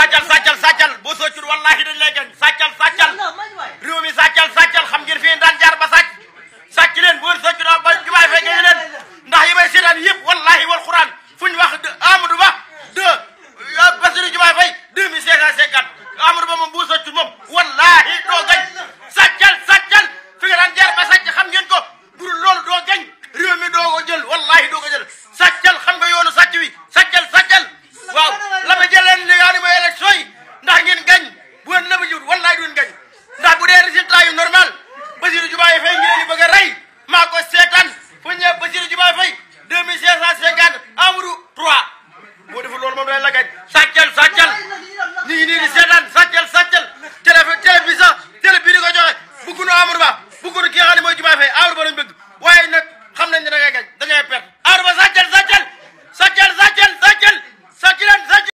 Fajar sàccal sàccal ñu ngi nii di seetaan